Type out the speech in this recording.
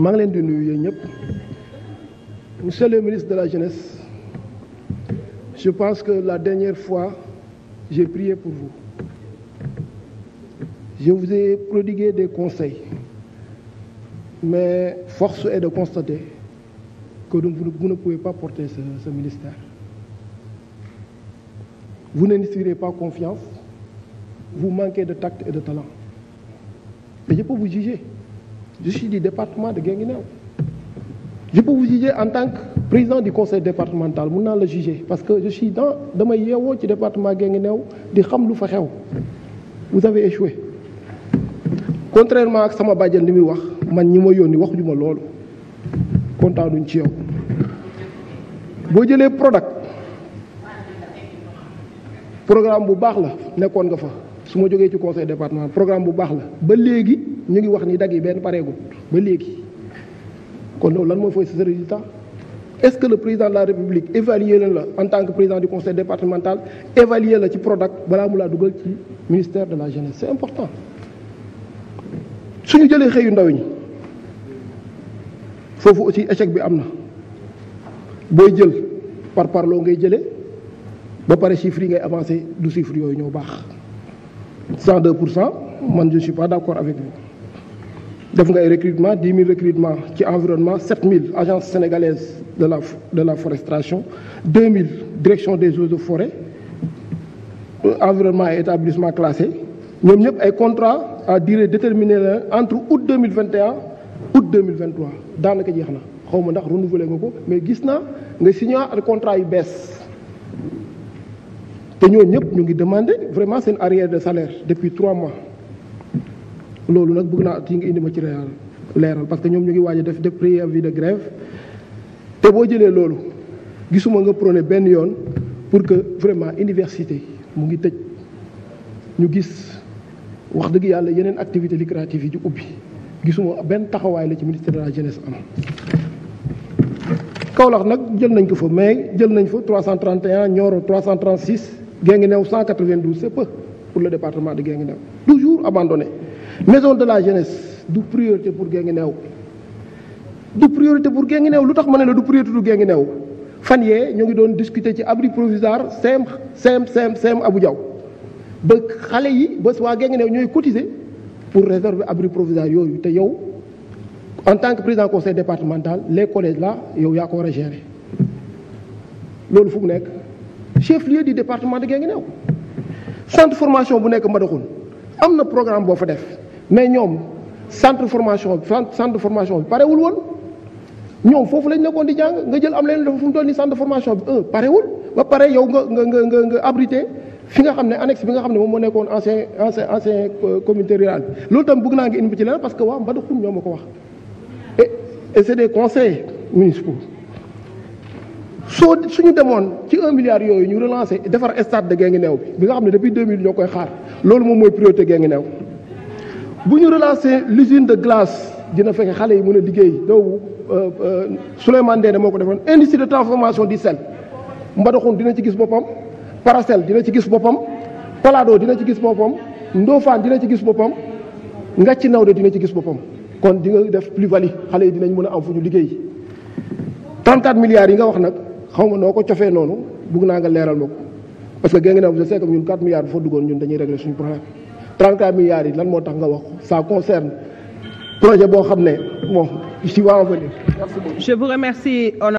maa ngi leen di nuyu yéen ñëpp monsieur ministre de la jeunesse je pense que la dernière fois j'ai prié pour vous je vous ai prodigué des conseils mais force est de constater que vous ne pouvez pas porter ce, ce ministère vous n'inspirez pas confiance vous manquez de tact et de talent et je peux vous juger je suis du département de Guinguinéo je peux vous juger en tant que président du conseil départemental mun naa la juger parce que je suis dans damay yeewoo ci département Guinguinéo di xam lu fa xew vous avez échoué contrairement ak sama bàjjan li muy wax man ñi ma yónni waxuñu ma loolu kontaanuñ ci yow boo jëlee Prodac programme bu baax la nekkoon nga fa su ma jógee ci conseil départemental programme bu baax la ba léegi ñu ngi wax ni dag yi benn pareegut ba léegi kon loolu lan mooy fooy sa résultat est-ce que le président de la république évaluer la la en tant que président du conseil départemental évaluer la ci Prodac balaa mu laa dugal ci ministère de la jeunesse c'est important suñu jëlee xëyu ndaw ñi foofu aussi échec bi am na booy jël par parloo ngay jëlee ba pare chiffres yi ngay avancé du chiffres yooyu ñoo baax de pour cent man je ne suis pas d'accord avec vous def nga ay recrutement dix mille recrutement ci environnement sept mille agence sénégalaise de la de la forestation deux mille direction des eaux de forêt euh, environnement et établissement classé ñoom ñëpp ay contrat à dire déterminée la entre août 2021 août 2023 daanaka jeex na xaw ma ndax renouveler nga ko mais gis naa nga signé ak contrat yu bees te ñoo ñëpp ñu ngi demandé vraiment seen arrière de salaire depuis trois mois loolu nag bëgg naa at yi nga indi ma ci leeral leeral parce que ñoom ñu ngi waaj a def def préavis de te boo jëlee loolu gisuma nga prôné benn yoon pour que vraiment université mu ngi tëj ñu gis wax dëgg yàlla yeneen activité lucrative yi di ubbi gisuma benn taxawaay la ci ministère de la jeunesse am Kaolack nag jël nañ ko fa mais jël nañ fa 331 Nioro 336 Guinguinéo 192 c'est peu pour le département de Guinguinéo toujours abandonné maison de la jeunesse du priorité pour Guinguinéo du priorité pour new lu tax ma ne la du priorité du new fan yee ñoo ngi doon discuter ci abri provisoire CEM CEM CEM CEM Abou Diaw ba xale yi ba waa Guinguinéo ñooy cotiser pour réserver abri provisoire yooyu te yow en tant que président conseil départemental les collèges la yow yaa ko war a gérer loolu fu mu nekk chef lieu du département de new centre formation bu nekk ma Mbadakhoune am na programme boo fa def mais ñoom centre formation bi centre formation bi parewul woon ñoom foofu lañ nekkoon di jàng nga jël am leen dafa fu mu toll nii centre formation bi un euh, parewul ba pare yow nga nga nga nga fi nga xam ne annexe bi nga xam ne moom moo nekkoon ancien ancien ancien euh, communauté rurale bi loolu tam bëgg parce que waa ko et des conseils municipaux soo suñu demoon ci un milliard yooyu ñu defar stade de bi bi nga xam ne depuis 2000 ñoo koy xaar loolu moom mooy priorité Guinguinéo bu ñu relancer l'usine de glace dina fekk xale yi mun a liggéey donc euh, euh, Souleymane Ndéné moo ko defoon industrie de transformation du sel Mbadakhoune dina ci gis boppam Paracel dina ci gis boppam Palado dina ci gis boppam Ndofane dina ci gis boppam nga ci Ngàcc Nawde dina ci gis boppam kon di nga def plus-value xale yi dina mën a am fu ñu liggéey 34 milliards yi nga wax nag xaw ma noo ko cofee noonu bugg naa nga leeral ma ko parce que gën nga problème. 34 milliards yi lan moo tax nga wax ça concerne projet boo xam ne bon je vais a venir merci je vous remercie.